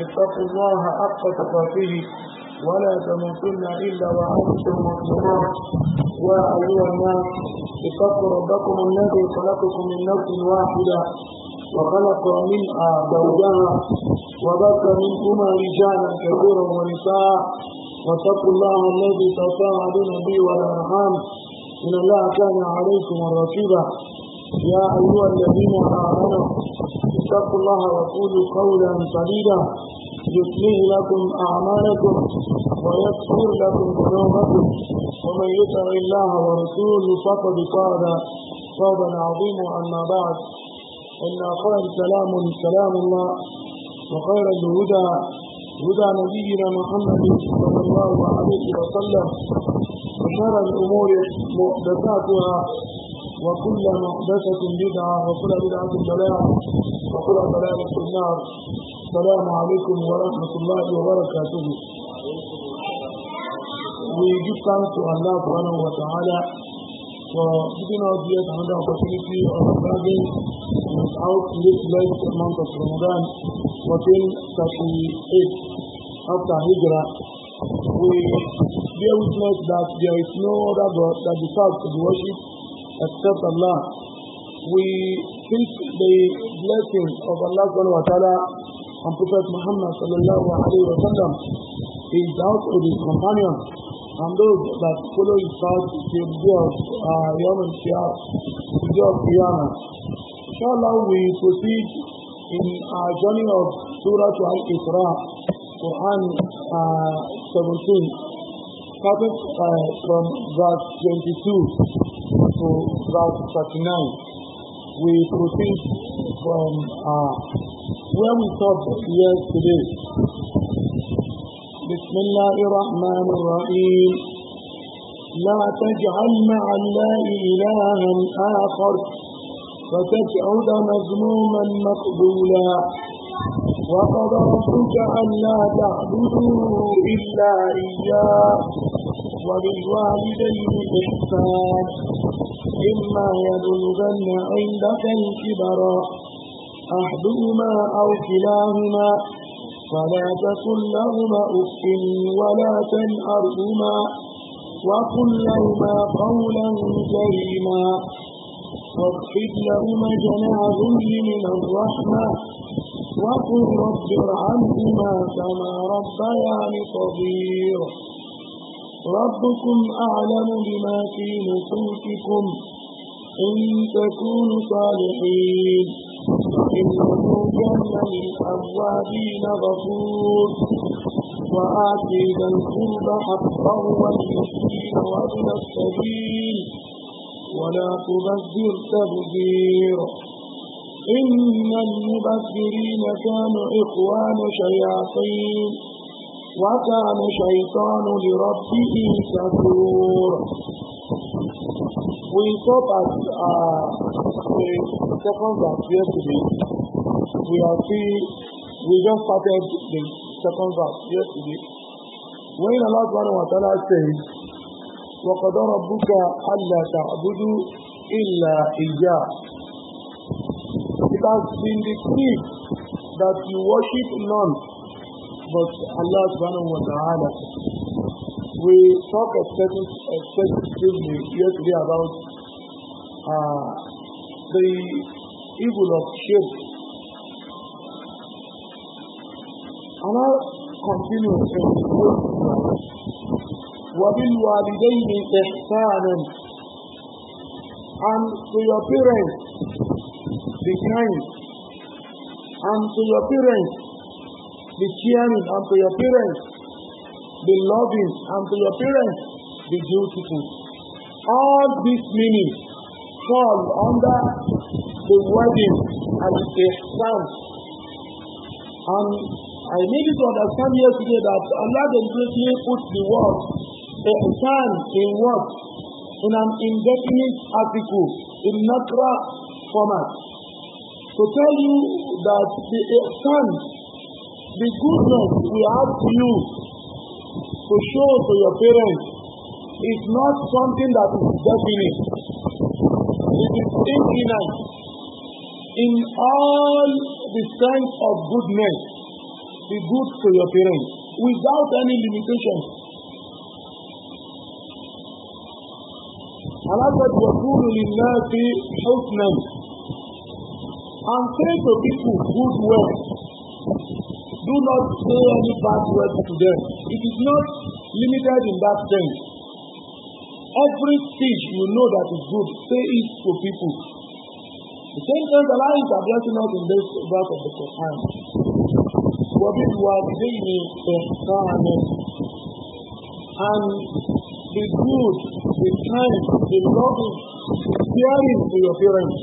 اتقوا الله حق تقاته ولا تموتن إلا وأنتم مسلمون يا أيها الناس اتقوا ربكم الذي خلقكم من نفس واحدة وخلق منها زوجها وبث منكما رجالا كثيرا ونساء واتقوا الله الذي تساءلون به والأرحام إن الله كان عليكم رقيبا يا أيها الذين آمنوا اتقوا الله وقولوا قولا سديدا يصلح لكم أعمالكم ويغفر لكم ذنوبكم ومن يطع الله ورسوله فقد قال صوبا عظيما أما بعد إن اخر سلام كلام الله وخير الهدى هدى نبينا محمد صلى الله عليه وسلم وشر الأمور محدثاتها وكل محدثة بدعة وكل بدعة ضلالة وكل ضلالة النار السلام عليكم ورحمة الله وبركاته We give thanks to Allah subhanahu wa ta'ala for giving us yet another opportunity of observing without this last month of Ramadan, 1438 after Hijrah. We bear witness that there is no other God that deserves to be worshipped except Allah. We seek the blessing of Allah subhanahu wa ta'ala and Prophet Muhammad sallallahu alayhi wa sallam, out with his companion, and those that follow his path till uh, the day of uh, Yom Qiyamah. Inshallah, we proceed in our journey of Surah Al-Isra, Quran uh, 17 started uh, from verse 22 to verse 39. we proceed from uh, where we stopped yesterday. بسم الله الرحمن الرحيم لا تجعل مع الله إلها آخر فتقعد مذموما مقبولا وقد ربك ألا تعبدوا إلا إياه وبالوالدين إحسان إما يبلغن عندك الكبر أحدهما أو كلاهما فلا تكن لهما أف ولا تنأرهما وقل لهما قولا كريما واخفض لهما جناح من الرحمة وقل رب ارحمهما كما ربياني صغير ربكم أعلم بما في نفوسكم إن تكونوا صالحين إنه كان للأوابين غفور وآتي ذا القرب حقه والمسكين وابن السبيل ولا تبذر تبذيرا إن المبذرين كانوا إخوان شياطين وكان شيطان لربه كفورا we thought that uh, the second verse yesterday, we are still, we just started the second verse yesterday. When Allah subhanahu wa ta'ala says, وَقَدَ رَبُّكَ أَلَّا تَعْبُدُوا إِلَّا إِيَّاهُ It has been decreed that you worship none but Allah subhanahu wa ta'ala. We talked extensively yesterday about uh, the evil of shirk. Allah continues in the book. وَبِالْوَالِدَيْنِ إِحْسَانًا And to your parents, be kind. And to your parents, be caring, And to your parents, be loving. And to your parents, be dutiful. All these meanings fall under the wording and ihsan. And I need you to understand yesterday that Allah deliberately put the word ihsan in what? In an indefinite article, in natural format. To tell you that the ihsan, the goodness we have to you to show to your parents is not something that is definite. It is infinite in all the sense of goodness. Be good to your parents without any limitation. Allah said, وَقُولُ لِلنَّاسِ حُسْنًا And say to people good words. Do not say any bad words to them. It is not limited in that sense. Everything you know that is good, say it to people. The same thing that Allah is addressing us in this verse of the Quran. وبالوالدين إحسانا and be good, be kind, be loving, be caring to your parents.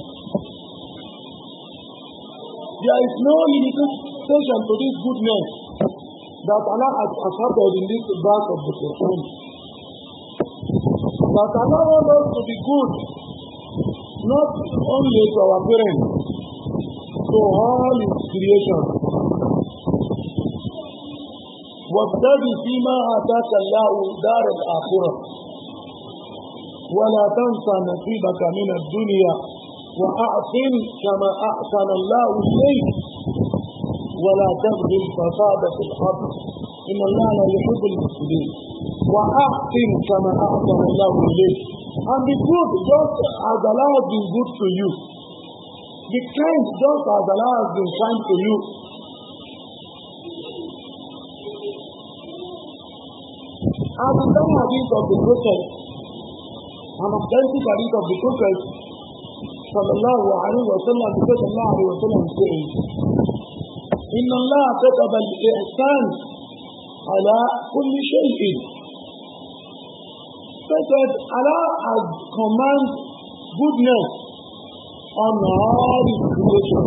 There is no limitation to this goodness that Allah has asserted in this verse of the Quran. But Allah wants us to be good, not only to our parents, to all His creation. وابتغ مَا آتاك الله دار الآخرة ولا تنسى نصيبك من الدنيا وَأَعْصِمْ كما أحسن الله إليك ولا تبغي الْفَصَادَ في الأرض إن الله لا يحب المفسدين وأحسن كما أحسن الله إليك and be good just as Allah has been good to you be kind just as Allah has been kind to you as the time hadith of the Prophet and authentic hadith of the Prophet sallallahu alayhi wa sallam the Prophet sallallahu alayhi wa sallam says إن الله كتب الإحسان على كل شيء said, Allah has command goodness on all His creation.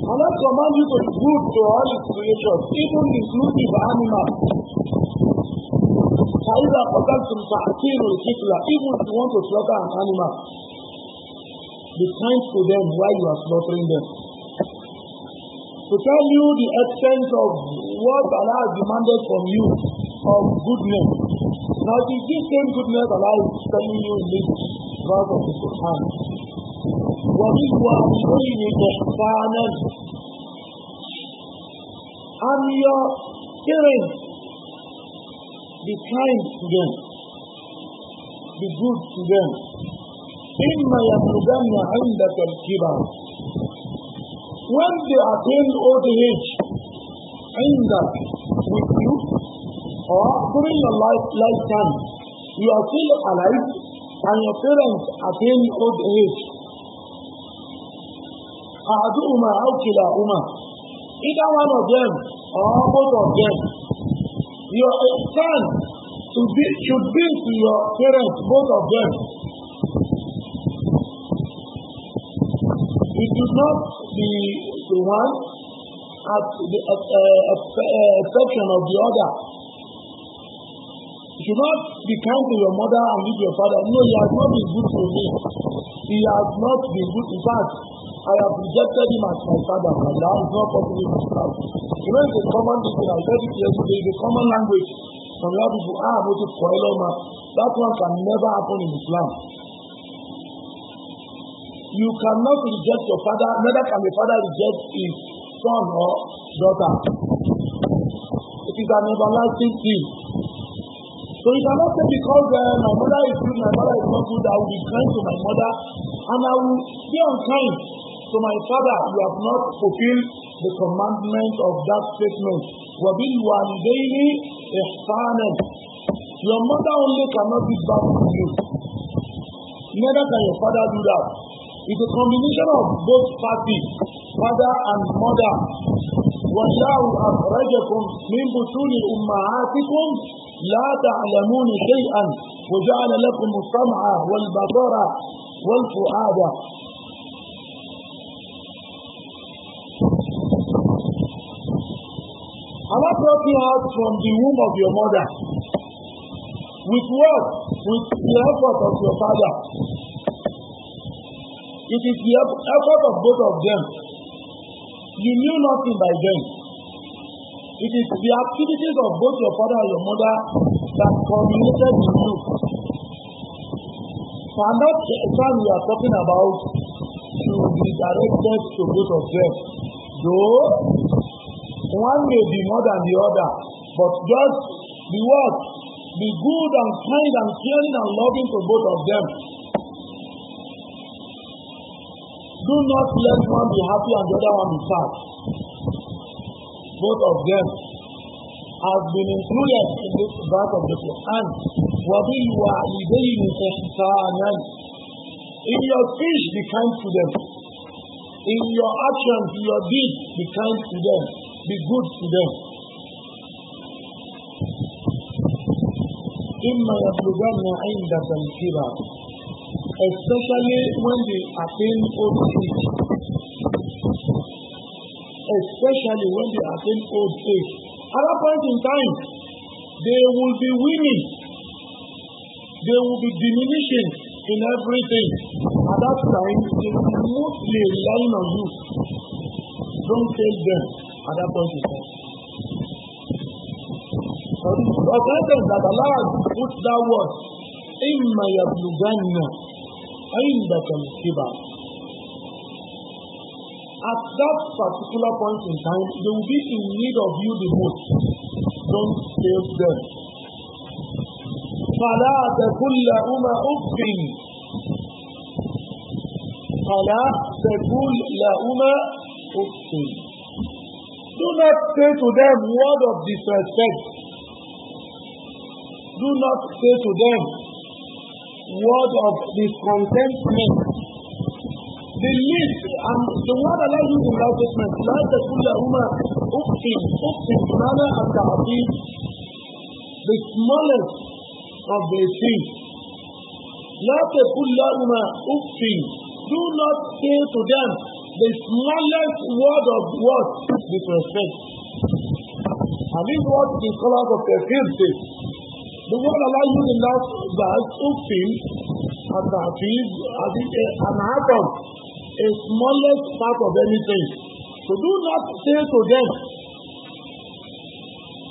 Allah commands you to be good to all His creation, even inclusive animals. to قتلتم فأعطينوا الكفلة even if you want to slaughter an animal be kind to them while you are slaughtering them to tell you the extent of what Allah demanded from you of goodness Now it is this same goodness that Allah is telling you in this verse of the really need أَمْرِهِ إِحْسَانًا And your parents, be kind to them, be good to them. إِمَّا يَبْلُغَنَّ عِنْدَكَ الْكِبَرَ When they attain old age, عِنْدَكَ or during your life lifetime, you are still alive and your parents are attain old age. أحدهما أو كلاهما Either one of them or both of them, your son should be to your parents, both of them. It should not be the one at the uh, uh, uh, exception of the other. Do not be kind to your mother and leave your father. No, he has not been good to me. He has not been good. In fact, I have rejected him as my father, and that is not possible in Islam. You know, it's a common thing. I said it yesterday. It's a common language. Some young people ah, go to Koiloma. That one can never happen in Islam. You cannot reject your father, neither can the father reject his son or daughter. It is an everlasting thing. So you cannot say because uh, my mother is good, my mother is not good, I will be kind to my mother, and I will be unkind to my father. You have not fulfilled the commandment of that statement. وَبِالْوَالِدَيْنِ إِحْسَانًا Your mother only cannot be bad to you. Neither can your father do that. It's a combination of both parties, father and mother. وَاللَّهُ أَخْرَجَكُمْ مِنْ بُطُونِ أُمَّهَاتِكُمْ لا تعلمون شيئا وجعل لكم السمع والبطرة والفؤاد Allah brought you out from the womb of your mother. With what? With the effort of your father. It is the effort of both of them. You knew nothing by them. It is the activities of both your father and your mother that culminated in you. Cannot the time we are talking about to be directed to both of them. Though one may be more than the other, but just be what? Be good and kind and caring and loving to both of them. Do not let one be happy and the other one be sad both of them have been included in this verse of the Quran. In your speech, be kind to them. In your actions, your deeds, be kind to them. Be good to them. إما يبلغن عندك الكبر especially when they attain old age especially when they attain old age. At that point in time, they will be winning. They will be diminishing in everything. At that time, they will mostly relying on you. Don't tell them at that point in time. But I think that Allah put that word, in my إِمَّا يَبْلُغَنَّ عِنْدَكَ الْكِبَرَ at that particular point in time, they will be in need of you the most. Don't fail them. فلا تقل لهما أف فلا تقل لهما أف Do not say to them word of disrespect. Do not say to them word of discontentment. The list and the word Allah used in righteousness, لا تقول لهما أف أف بمعنى التعظيم the smallest of the things. لا تقول لهما أف do not say to them the smallest word of what with respect. And this what the scholars of the field say. The one Allah used in that eh, verse, أف and that is an atom a smallest part of anything. So do not say to them,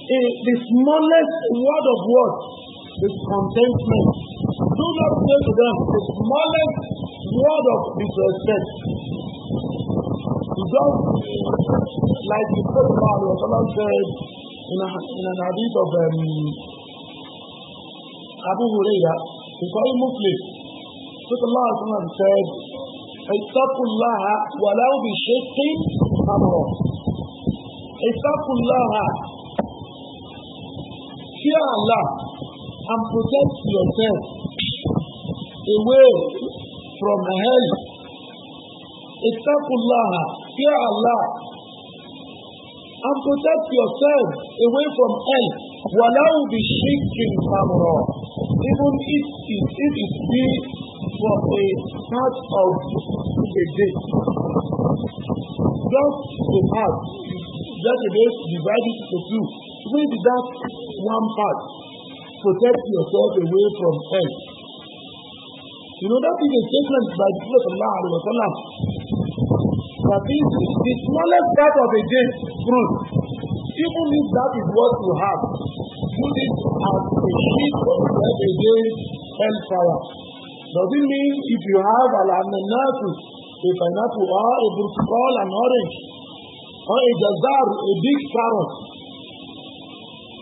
in the smallest word of what is contentment. Do not say to them, the smallest word of disrespect. You like the Prophet Muhammad said in, a, in an hadith of um, Abu Hurairah, the Sahih Muslim, Prophet Muhammad said, اتقوا الله ولو بشق تمرة اتقوا الله fear Allah and protect yourself away from hell اتقوا الله fear Allah and protect yourself away from hell ولو بشق تمرة even if it, if it be from a part of a day. Just the part, just a day divided into two. With that one part, protect yourself away from hell. You know, that is a statement by the Prophet Allah that is the smallest part of a day's fruit. Even if that is what you have, do this as a sheet of a day's hellfire. Does it mean if you have al-amanatu a pineapple or a burtukol, an orange, or a jazar, a big carrot,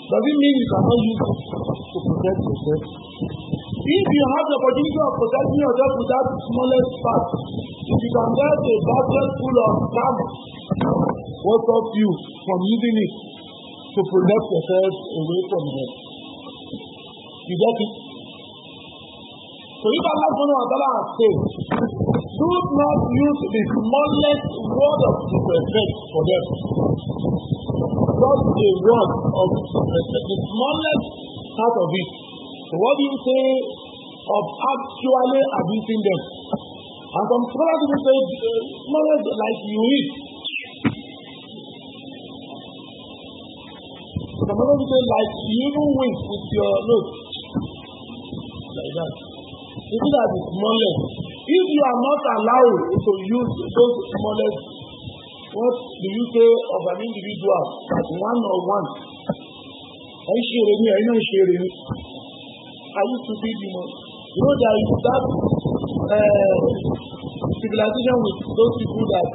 does it mean you cannot use it to protect yourself? If you have the opportunity of protecting yourself with that smallest part, if you can get a basket full of carrots, what stops you from using it to protect yourself away from them? You get it? So if Allah subhanahu wa ta'ala has said, Do not use the smallest word of disrespect for them. Just a word of disrespect, the smallest part of it. what do you say of actually abusing them? And some scholars will say, uh, smallest like you eat. Some others will say, like you even wink with your nose. Like that. You see that the smallest. If you are not allowed to use those smallest, what do you say of an individual that one on one? Ẹ ń ṣe èrèmí, ẹ̀yin náà ń ṣe èrèmí. Are you stupid you know? You know there is that uh, civilization with those people that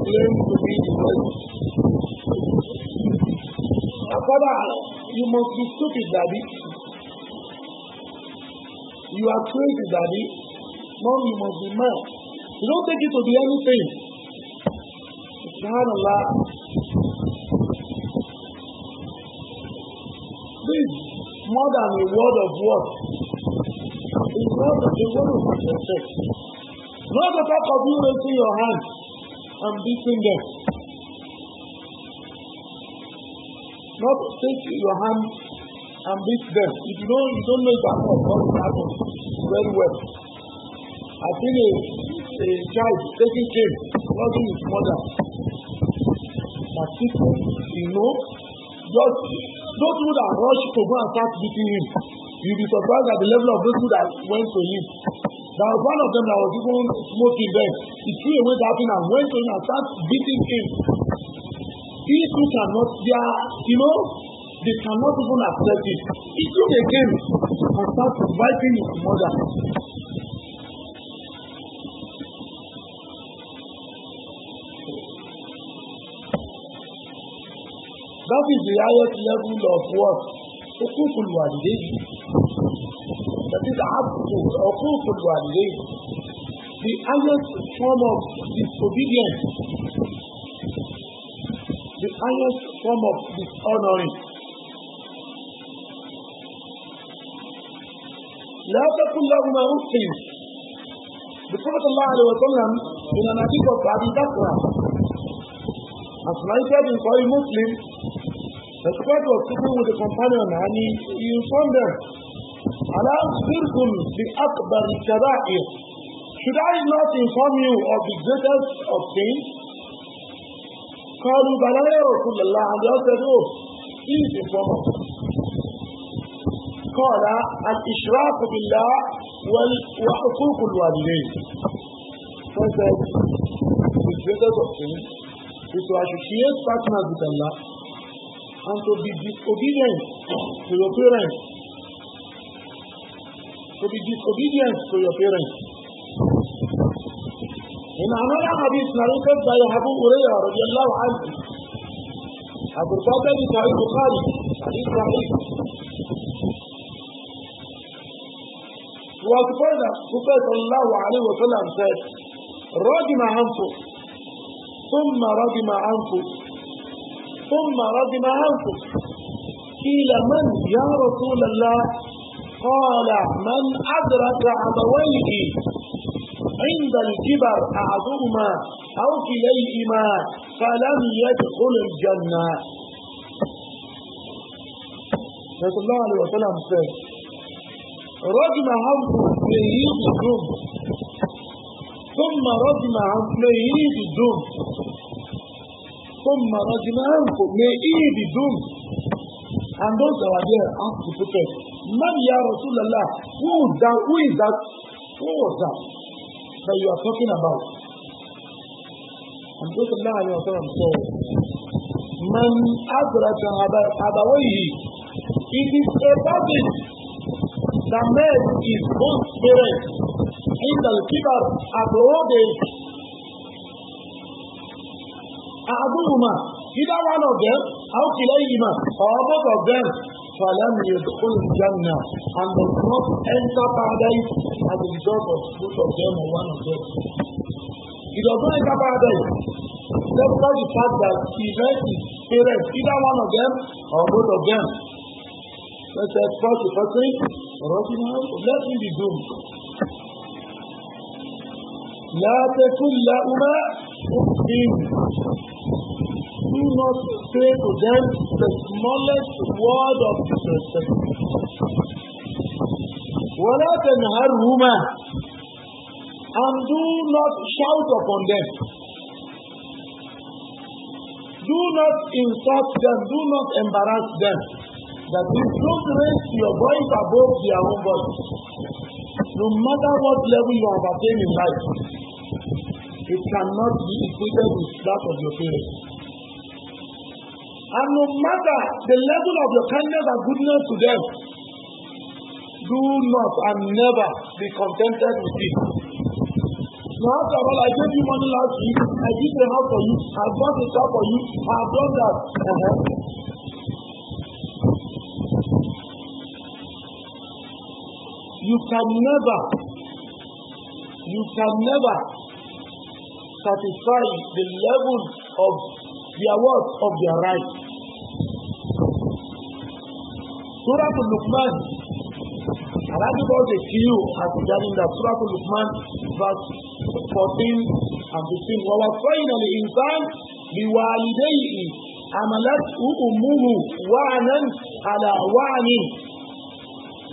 claim to be the best. father, you must be stupid, Daddy. You are crazy, Daddy. Islam, you must be mad. You don't take it to be anything. SubhanAllah. This more than a word of word. It's word of a word of yourself. Not the talk of you raising your hand and beating them. Not take your hand and beat them. If you don't, you don't know that. at all, very well. Until a, a child taking care, loving his mother. But people, you know, just those who that rush to go and start beating him, you'll be surprised at the level of those who that went to him. There was one of them that was even smoking then. He threw away that thing and went to him and started beating him. These people cannot, they are, you know, they cannot even accept it. He took a game and started fighting his mother. باب الرعاية يبني الأبواب حقوق الوالدين that is حقوق الوالدين the highest form of disobedience the highest form of dishonoring لا تقل لهما أف The Prophet Allah in an article of Abi Bakr, as cited in Sahih Muslim, The respect of people with the companion and he, he informed them Allah sirkum the akbar kaba'ir should I not inform you of the greatest of things قالوا بلى يا رسول the and they all said oh please inform us قال الإشراك بالله وحقوق الوالدين فقال the greatest of things is to associate partners with Allah and to be disobedient to your parents. To be disobedient to your parents. In another hadith narrated by Abu Hurairah radiallahu anhu, Abu Bakr is Sahih Bukhari, Hadith Sahih. was further, Prophet sallallahu alayhi wa sallam said, رَجِمَ أَنْفُ ثُمَّ رَجِمَ أَنْفُ ثم ردم عنكم قيل من يا رسول الله قال من أدرك أبويه عند الكبر أحدهما أو كليهما فلم يدخل الجنة رسول الله عليه وسلم قال رجم عنه يهيد الدم ثم رجم عنه يهيد الدم ثم رجمناهم may he be doomed and those that were there asked ah, the prophet man ya rasulallah who is that who is that who was that that you are talking about and prophet allah alayhi wa sallam said man adraka abawayhi it is a burden that man is both spirit in the kibar at all days." أعظمهما إذا one of them أو كليهما or both of them فلم يدخل الجنة and the not enter paradise as a result of both of them or one of them. He does not enter paradise despite the fact that he met his parents either one of them or both of them. Let's say first the first thing, let him be doomed. لا تكن لهما أف not say to them the smallest word of disrespect. ولا تنهرهما and do not shout upon them. Do not insult them, do not embarrass them. That you don't raise your voice above their own voice. No matter what level you have attained in life, it cannot be equated with that of your parents. And no matter the level of your kindness and goodness to them, do not and never be contented with it. Now, after all, I gave you money last week, I did a house for you, I bought a car for you, I have done that. Uh-huh. You can never, you can never satisfy the level of their worth of their right. Suratul Luqman, Allah brought a few as regarding that Suratul Luqman, verse 14 and 15. وَوَصَّيْنَا الْإِنسَانَ بِوَالِدَيْهِ حملته أمه وعنا على وعن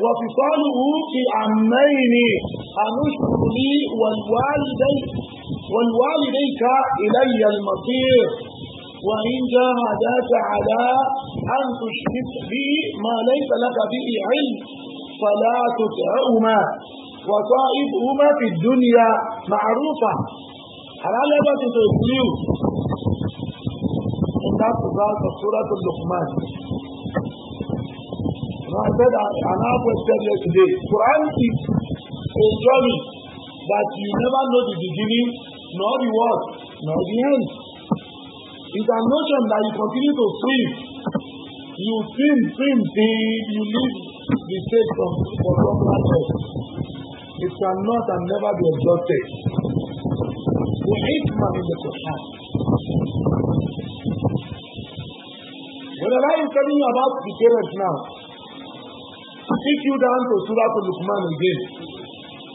وفصاله في عمين أن اشكر لي والوالدي والوالديك إلي المصير وإن جاهداك على أن تشرك به ما ليس لك به علم فلا تطعهما وصائبهما في الدنيا معروفة على بس تسليو إن تزال سورة اللقمان Granted, an apple said yesterday, Quran is a that you never know the beginning, nor the what, nor the end. It's a notion that you continue to sin. You sin, sin till you leave the state of for some matters. It not and never be exalted. We eighth man in the Quran. Whenever I'm telling you about the parents now, take you down to Surah Al-Luqman again.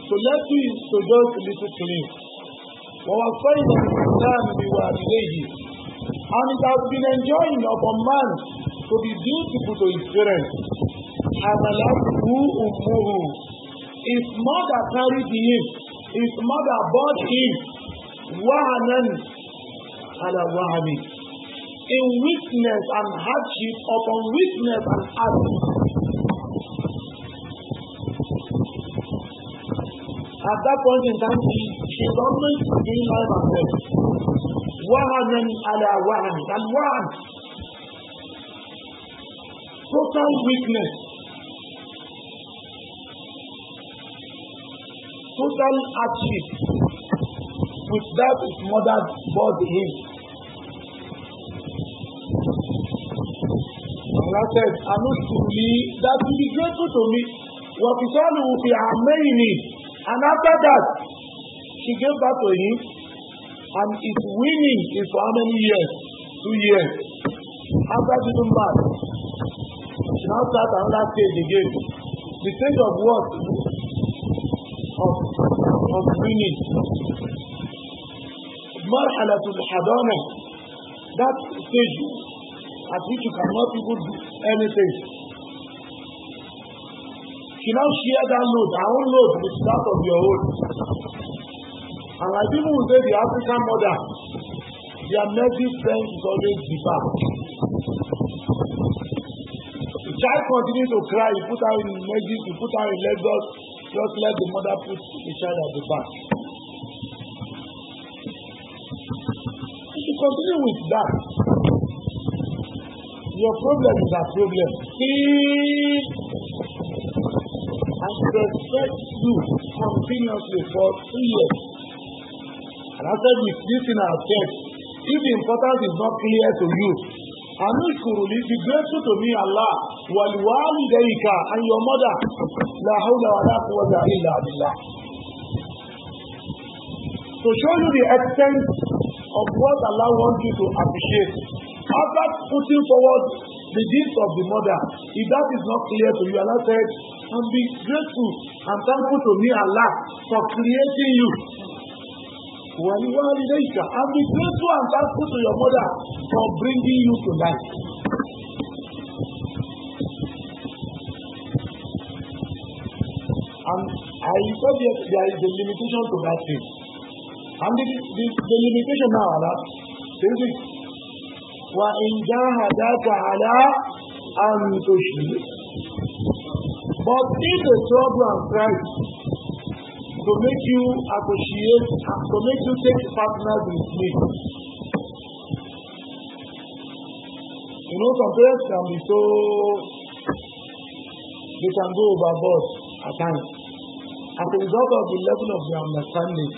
So let me to just listen to me. ووصينا الإنسان بوالديه And it has been enjoying upon man to be beautiful to his parents. Àmàlàkùú òmùhù. His mother carried him. His mother bought him. Wàhánan ala wahani. In weakness and hardship upon weakness and hardship. At that point in time, the government is doing life and death. وهنا على وهن الوهن total weakness total hardship with that his mother bore him. Allah said, Anus to me, that will be grateful to me. What is all will be amazing. And after that, she gave back to him and its winning is for how many years? Two years. After giving birth, she now start another stage again. The stage of what? Of, of winning. مرحلة الحضانة that stage at which you cannot even do anything. She now share that load, her own load with that of your own. And like people who say the African mother, their medic strength is always deeper. The child continues to cry, you put her in magic. you put her in Lagos, just let the mother put the child at the back. If you continue with that, your problem is her problem. If I suspect you continuously for three years, I said we in our church. If the importance is not clear to you, Kuruli, be grateful to me, Allah, Waliwali Deika, and your mother. La hawla wa la quwwata illa billah. To show you the extent of what Allah wants you to appreciate, after putting forward the gift of the mother, if that is not clear to you, Allah said, and be grateful and thankful to me, Allah, for creating you Waliwalidayka, and be grateful and thankful to your mother for bringing you to life. And I thought that there is a limitation to that thing. And the, the, the limitation now, Allah, there is it. وَإِنْ جَاهَدَاكَ عَلَىٰ أَنْ تُشْرِكَ But if the trouble and Christ to make you appreciate and to make you take partners with me. You know, some parents can be so, they can go overboard at times as a result of the level of their understanding.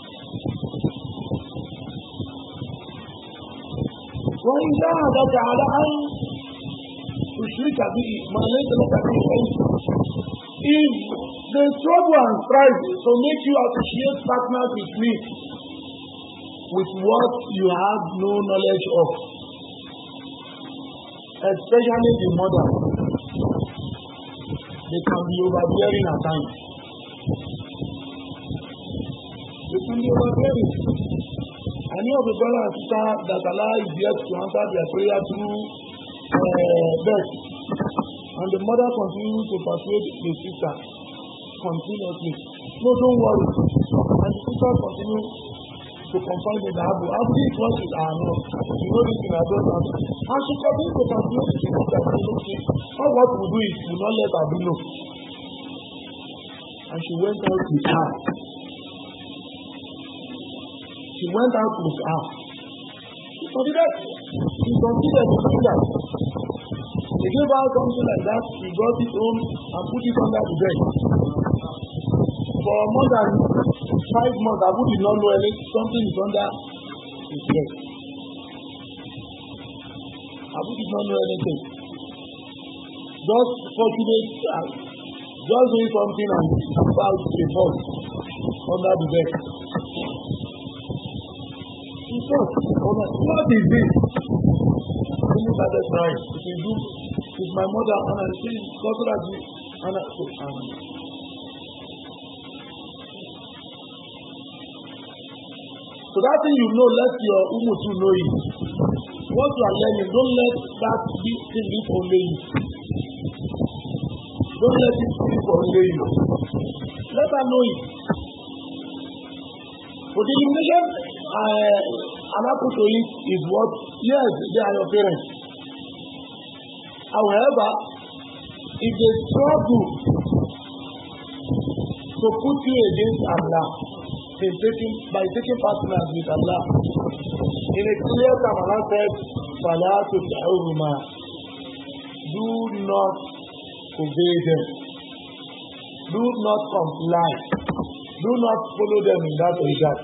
وإن جاهدك على أن تشرك به ما ليس لك به علم If the struggle and strive to make you associate partners with me, with what you have no knowledge of, especially the mother, they can be overbearing at times. They can be overbearing. Any of the brothers and sisters that Allah is yet to answer their prayer through uh, eh, birth. And the mother continued to persuade the sister continuously. No, don't worry. And the sister continued to confide in Abu. Abu is what is our Lord. You know this in our daughter. And she continued to persuade the sister that okay, all what we do is we not let Abu know. And she went out with her. She went out with her. She considered, she considered the sister. He gave out something like that, he brought it home and put it under the bed. For more than five months, Abu did not know any something is under his bed. Abu did not know anything. Just fortunate, uh, just doing something and about a ball under the bed. He thought, oh my, what is this? Look at the time. He do my mother and I see Dr. Adi and I so am. So that thing you know, let your umutu know it. What you are learning, don't let that be thing live only you. Don't let it live only you. Let her know it. For the illumination uh, an apple to it is what? Yes, they are your parents. However, it's a struggle to put you against Allah in taking, by taking partners with Allah. In a clear time, Allah said, فَلَا تُطِعْهُمَا Do not obey them. Do not comply. Do not follow them in that regard.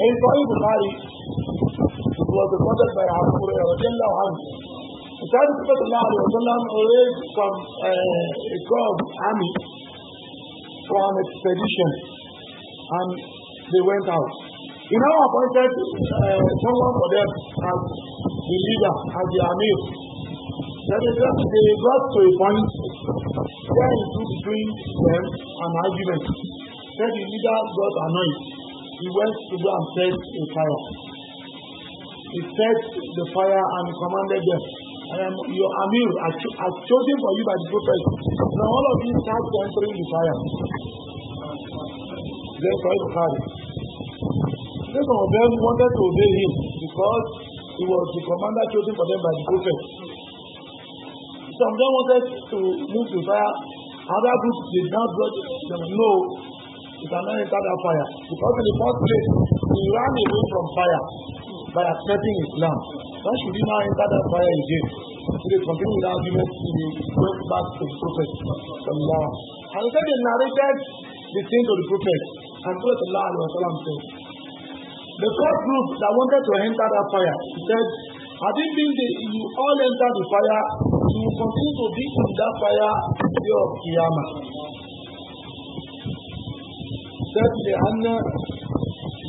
In Sahih Bukhari, it was reported by Abu Hurairah anhu. The Prophet Sallallahu always from uh, a Gog army for an expedition and they went out. He now appointed uh, someone for them as the leader, as the army. Then they got, they got to a point where he took between them an argument. Then the leader got annoyed he went to go and set a fire. He set the fire and commanded them. I am um, your Amir, I cho chosen for you by the prophet. Now all of you start entering the fire. Then Sahih Bukhari. Then some of them wanted to obey him because he was the commander chosen for them by the prophet. Some of them wanted to move to fire. Other groups did not brought them. No, you cannot enter that fire because in the first place he ran away from fire by accepting Islam why should he now enter that fire again so they continue with argument and he went back to the prophet sallallahu and he said they narrated the thing to the prophet and prophet sallallahu alaihi wasallam said the first group that wanted to enter that fire he said had it been the you all enter the fire you will continue to be in that fire till the day of Qiyamah. الشرط لأن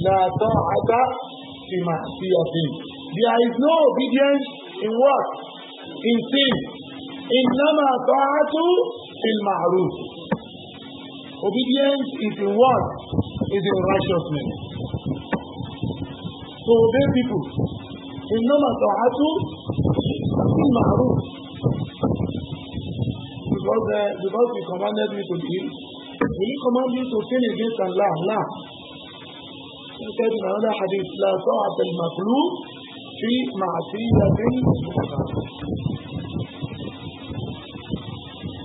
لا طاعة في معصية There is no obedience in what? In sin. إنما طاعة في المعروف. Obedience is in what? Is in righteousness. So obey people. إنما طاعة في المعروف. Because, uh, because he commanded me to do Will he command you to sin against Allah? No. He said in another hadith, لا طاعة المخلوق في معصية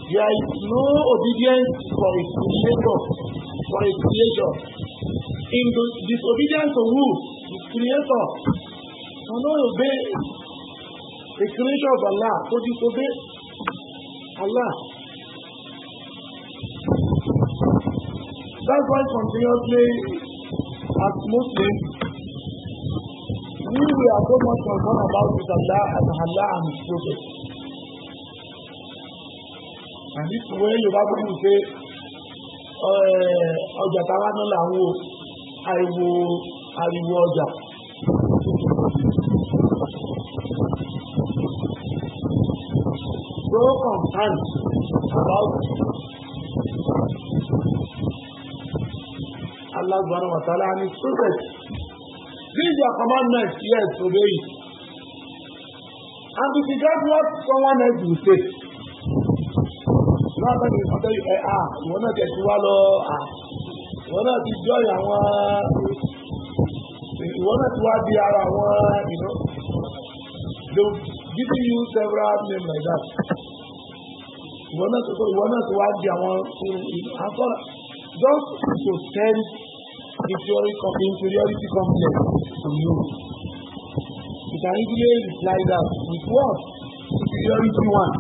There is no obedience for a creator, for a creator. In the disobedience of who? The creator. Cannot obey the creator of Allah, so disobey Allah. that's why continuously as Muslims, we are so much concerned about with Allah and Allah and His Prophet. And this way Yorùbá people say, eh, ọjà táwa náà là ń wo ariwo ariwo ọjà. So concerned about Allah subhanahu wa ta'ala and his prophet. This is your yes, obey And if you regard what someone else will say. Náà bẹ́ẹ̀ ni ọ̀dọ́ yìí ah, you ìwọ náà tẹ̀sí wá lọ à ah, ìwọ náà enjoy, jọ́ àwọn ìwọ náà ti the other one, you know. They giving you several names like that. You you Ìwọ náà ti wá di àwọn àtọ́ra. Just to send inferiority, inferiority complex to you. You can easily reply that with what? Inferiority one.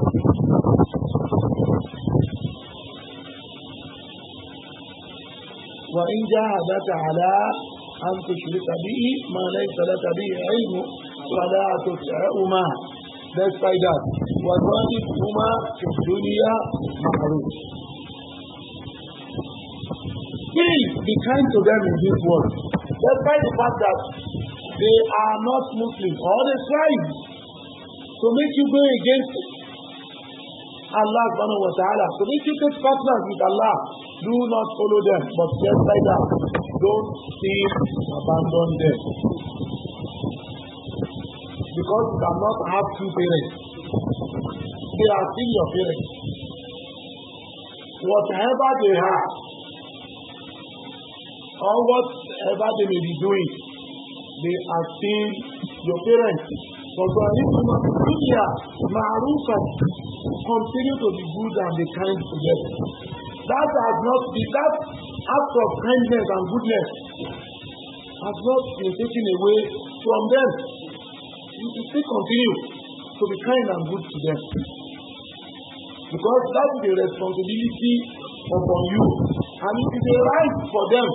وإن جاهدك على أن تشرك به ما ليس لك به علم فلا تطعهما by that, وَذَلِكُمَا فِي الدُّنْيَا مَعْرُوفٌ be kind to them in this world, despite the fact that they are not Muslims or they try to make you go against Allah subhanahu wa ta'ala. So make you take partners with Allah. Do not follow them, but just like that, don't still abandon them. Because you cannot have two parents. They are still your parents. Whatever they have, or whatever they may be doing, they are still your parents. But Marufa Marufa continue to be good and be kind to them. That has not been that act of kindness and goodness has not been taken away from them. You should still continue to be kind and good to them. Because that is the responsibility upon you. And it is a right for them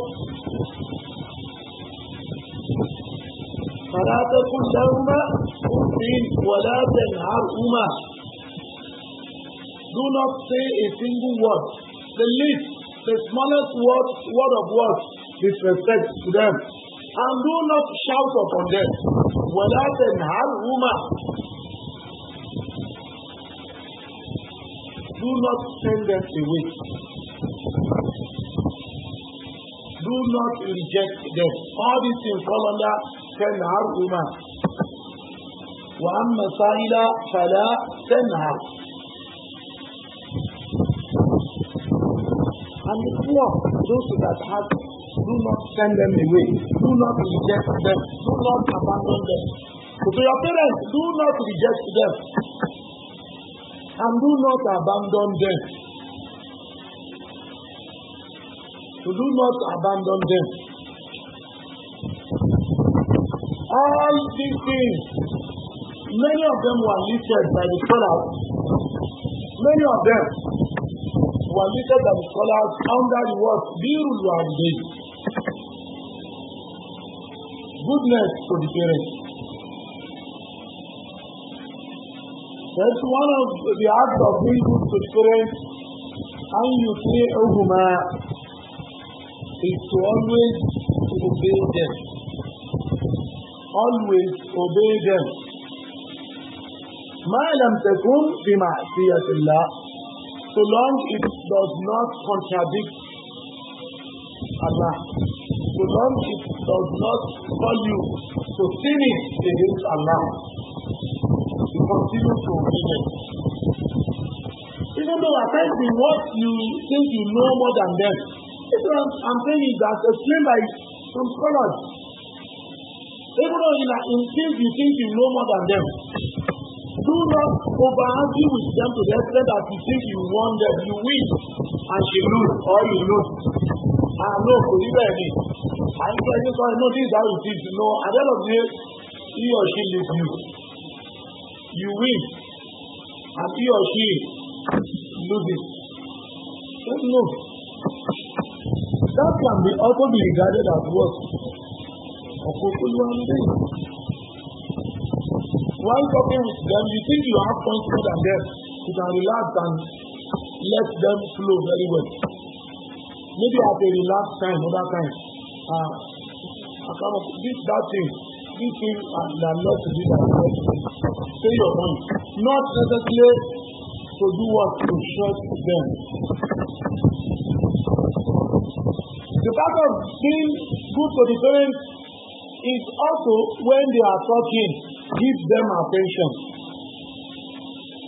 فلا تقل لهما أفين ولا تنهرهما Do not say a single word. The least, the smallest word, word of word, is respect to them. And do not shout upon them. ولا تنهرهما Do not send them away. Do not reject them. All these things fall under تنهرهما وأما السائل فلا تنهر And the poor, those that have, do not send them away. Do not reject them. Do not abandon them. So To your parents, do not reject them. And do not abandon them. So do not abandon them. All these things, many of them were lifted by the scholars. Many of them were lifted by the scholars under the word and Walidain. Goodness to the parents. That's one of the acts of being good to the parents. And you say, Ohuma, is to always obey them always obey them. ما لم تكن في معصية الله so long it does not contradict Allah so long it does not call you to sinning against Allah you continue to obey them even though at times in what you think you know more than them I'm saying is that explained by some scholars Even though in, in things you think you know more than them, do not over argue with them to the extent that you think you won them. You win and she lose or you lose. Ah no, kò rí bẹ́ẹ̀ ni. À ń sọ ẹni sọ this is how it is. No, at the end of the day, he or she leave you. You win and he or she loses. Don't know. That can be also be regarded as work. حقوق الوالدين While talking with them, you think you have points more than them. You can relax and let them flow very well. Maybe at a relaxed time, other time. Uh, account of this that thing this thing and uh, their love to this and love say your point. not necessarily to do what to short them the fact of being good for the parents is also when they are talking, give them attention.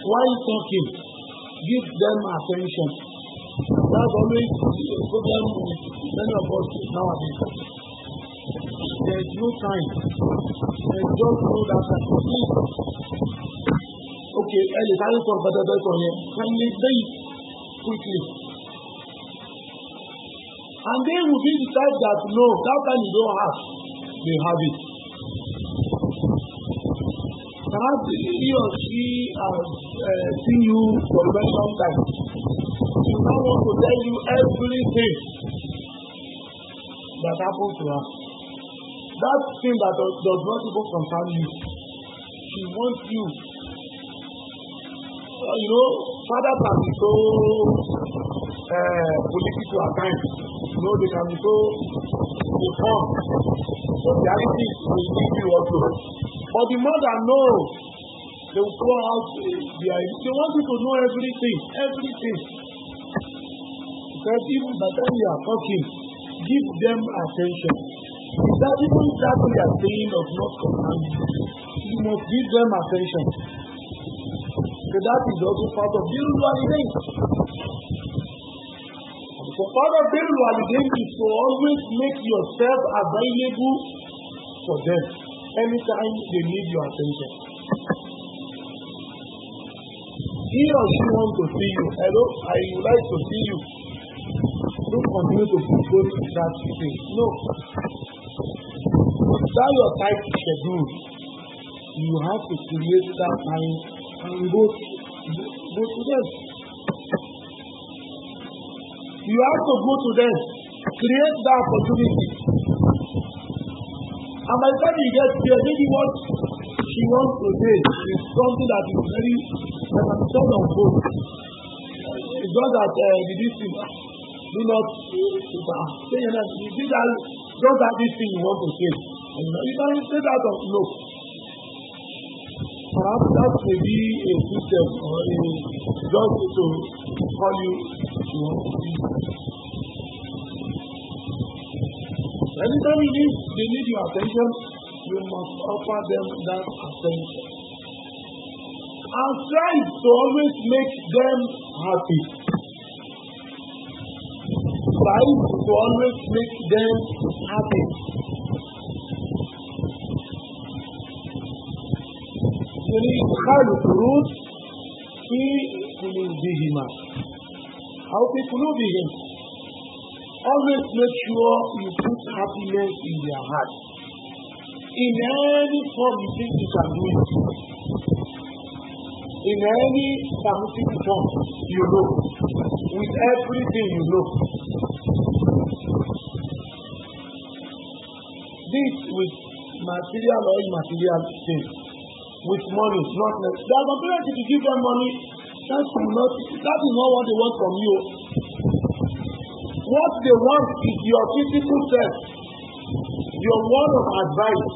While talking, give them attention. That's always a problem with many of us nowadays. There is no time. There just know that time. Please. Okay, ẹ lè sáré sọ gbẹdẹ bẹ sọ yẹn. Can you say quickly? And they will be the type that no, that time you don't have ní habit. Perhaps uh, uh, he or she has uh, seen you for a very long time. She now wants to tell you everything that happened to her. That thing that does, does not even concern you. She wants you. Uh, you know, fathers can be so uh, political at times. You know, they can be so informed reality will give you also, But the mother knows they will pour out their they want you to know everything, everything. Because even by the time you are talking, give them attention. That even that we are saying of not commanding, you must give them attention. So that is also part of the usual The father buried Walidain is to always make yourself available for them anytime they need your attention. He or she wants to see you. Hello, I would like to see you. Don't continue to be to that thing. No. That your tight schedule, you have to create that time and go, go to them. You have to go to them, create that opportunity. And by the time you get there, maybe what she wants today is something that is very that can turn on both. It's not that uh, the distance do not say that you see that don't have this thing you want to say. And you can say that of no. Perhaps that may be a system or a just to call you Anytime you need, they need your attention, you must offer them that attention. And try to always make them happy. Try to always make them happy. يعني خالق الروح في قلوبهما How أو في قلوبهم Always make sure you put happiness in their heart. In any form you think you can do it. In any scientific form you know. With everything you know. This with material or immaterial things. With money, not necessarily. There are some parents if you give them money, That is not that is not what they want from you. What they want is your physical self, your word of advice,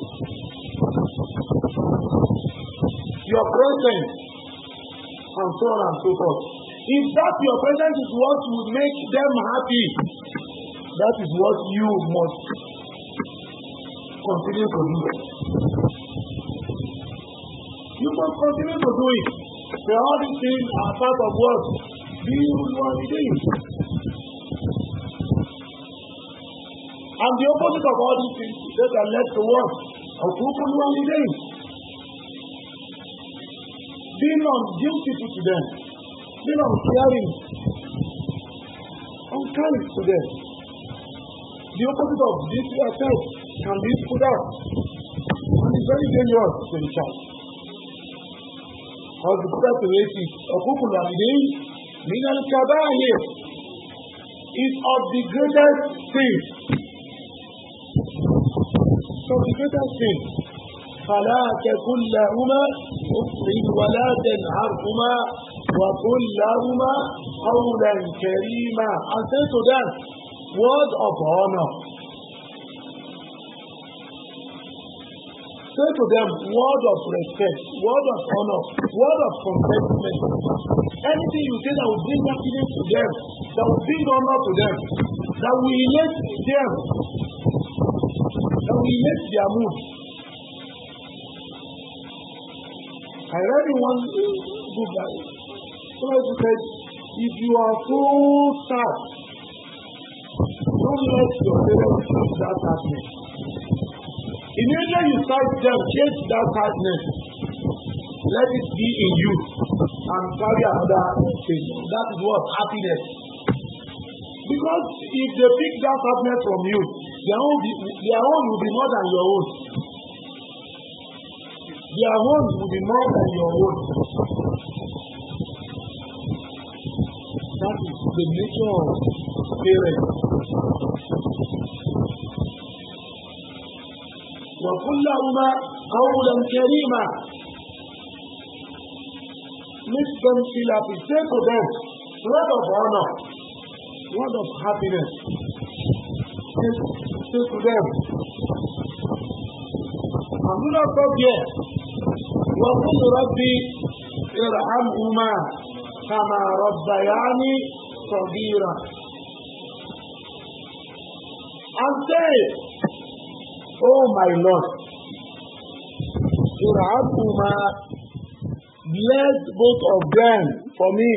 your presence, and so on and so forth. If that your presence is what will make them happy, that is what you must continue to do. You must continue to do it. The all these things are part of what? want to thing. And the opposite of all these things is that are led to what? Of open one thing. Being undutiful to them. Being uncaring. Uncaring to them. The opposite of this yourself can be put out. And it's very dangerous to the child adulterated ọ̀kúnkùn làmìlẹ́ minal kabair is of the greatest sin. So the greatest sin. فلا تكن لهما أف ولا تنهرهما وقل لهما قولا كريما. And say to them, word of honor. Say to them, word of respect, word of honor, word of contentment. Anything you say that will bring happiness to them, that will bring honor to them, that will elate them, that will elate their mood. I read in one book that somebody said, if you are too sad, don't let your parents feel that happiness. Immediately you start them, change that hardness. Let it be in you and carry another thing. That is what happiness. Because if they pick that hardness from you, their own, be, their own will be more than your own. Their own will be more than your own. That is the nature of parents. وقل لهما قولا كريما Make them feel happy. Say to them, word of honor, word of happiness. Say, say to them, and do not stop here. وقل ربي ارحمهما كما ربياني صغيرا. And say, oh my lord ṣùràkùmá bless both of them for me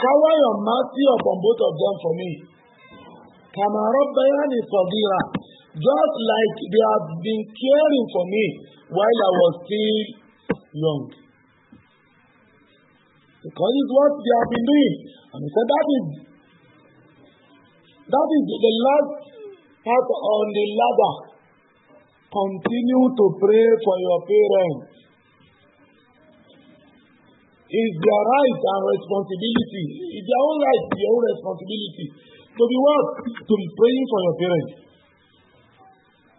shower your mercy upon both of them for me kàmárọ̀ bayani sọ̀gìrà just like they have been caring for me while I was still young. Because it's what they have been doing. And he said that is that is the last part on the ladder Continue to pray for your parents. It's their right and responsibility. It's their own right, their own responsibility. To be what? To be praying for your parents.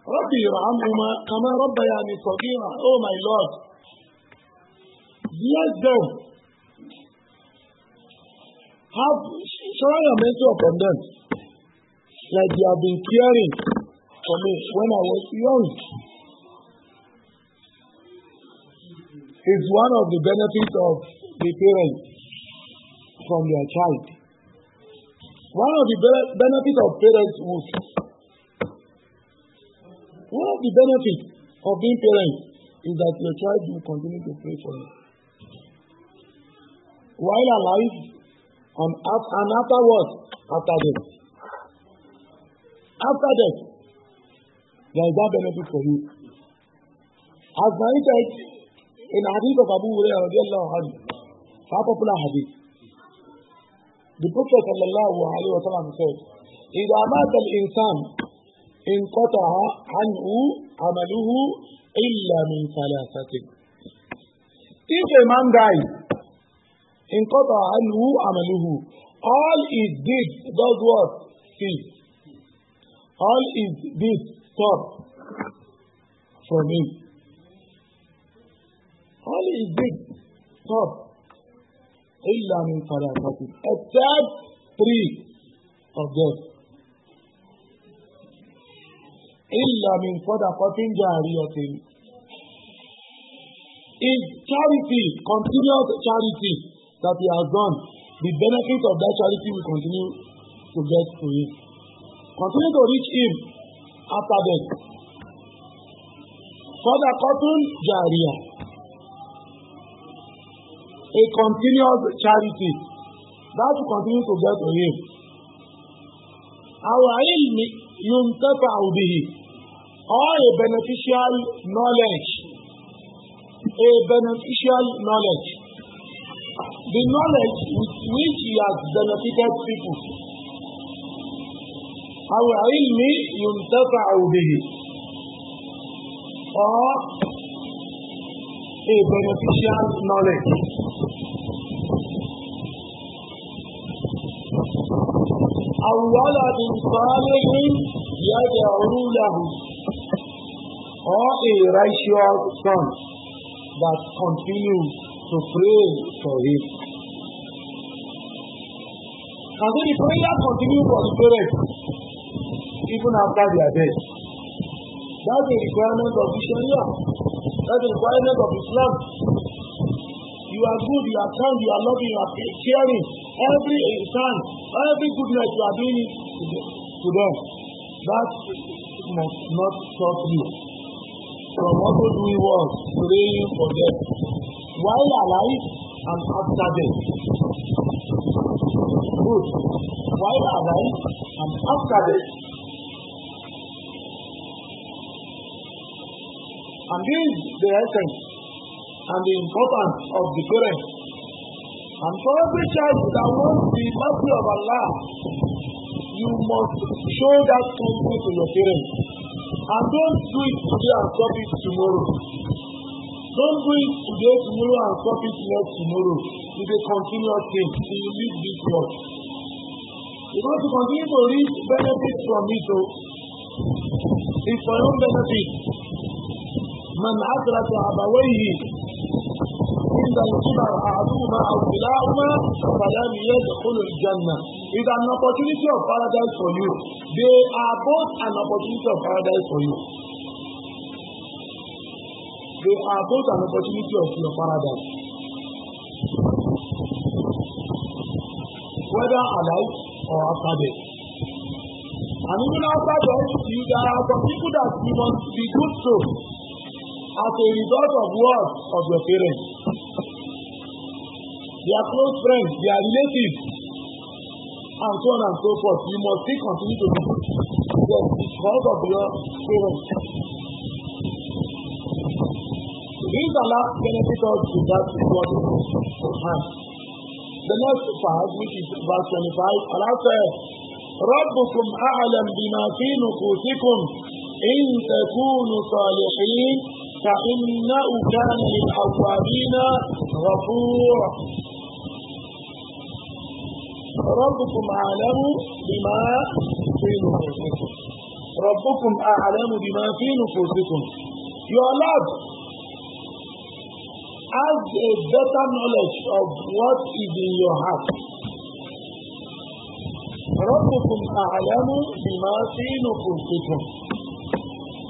Oh my Lord. Bless them. Have shower your mental upon them. Like they have been caring for me when I was young. It's one of the benefits of the parents from their child. One of the be- benefits of parenthood. One of the benefits of being parents is that your child will continue to pray for you. While alive and afterwards, after death. After death, There is that benefit for you. As I said in Hadith of Abu Hurairah, how popular Hadith, the Prophet sallallahu alayhi wa sallam said, إذا مات الإنسان انقطع عنه عمله إلا من ثلاثة. If a man dies, انقطع عنه عمله. All is did does what? see? All is did stop for me. All he did. stop. إلا من ثلاثة except three of them. إلا من صدقة جارية is charity, continuous charity that he has done. The benefit of that charity will continue to get to him. Continue to reach him after death. Further cotton jaria. A continuous charity. That will continue to get to him. Our ilm yuntafa bihi. Or a beneficial knowledge. A beneficial knowledge. The knowledge with which he has benefited people. أو علم ينتفع به or a beneficial knowledge. أو ولد صالح يدعو له or a righteous son that continues to pray for him. And the prayer continues for the even after their death, That's the requirement of Sharia. That's the requirement of Islam. You are good, you are kind, you are loving, you are caring. Every insan, every goodness you are doing it to them. That must not stop you from also doing what? Praying for them. While alive and after death. Good. While alive and after death. And this is the essence and the importance of the parents. And for every child that wants the mercy of Allah, you must show that mercy to your parents. And don't do it today and stop it tomorrow. Don't do it today, tomorrow, and stop it next tomorrow. It's a continuous thing till you leave this world. Because you continue to reap benefits from it, so oh, it's for your own benefit. من أدرك أبويه عند الكبر أحدهما أو كلاهما فلم يدخل الجنة إذا an opportunity of paradise for you they are both an opportunity of paradise for you they are both an opportunity of your paradise whether alive or after death and even after death there are some people that you must be good to as a result of what? Of your parents. Their close friends, their relatives, and so on and so forth. You must still continue to do yes, because of your parents. These are last benefit us to that God hand. The next part, which is verse 25, Allah says, ربكم أعلم بما في نفوسكم إن تَكُونُوا صالحين فإنه كان للأوابين غفور ربكم أعلم بما في نفوسكم ربكم أعلم بما في نفوسكم Your Lord has a better knowledge of what is in your heart. ربكم أعلم بما في نفوسكم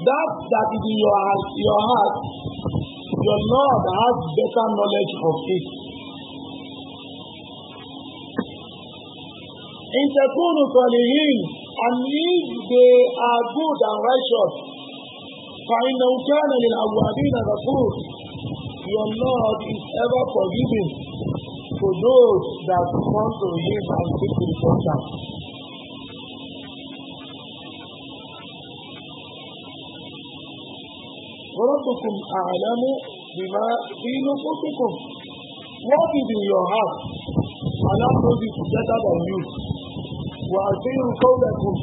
that that is in your heart, your heart, your Lord has better knowledge of it. In Tekunu Salihim, and if they are good and righteous, فإنه كان للأوابين غفور Your Lord is ever forgiving to those that come to Him and seek repentance. وربكم أعلم بما في نفوسكم What is in your heart? Allah knows it better than you. وأتيوا قولكم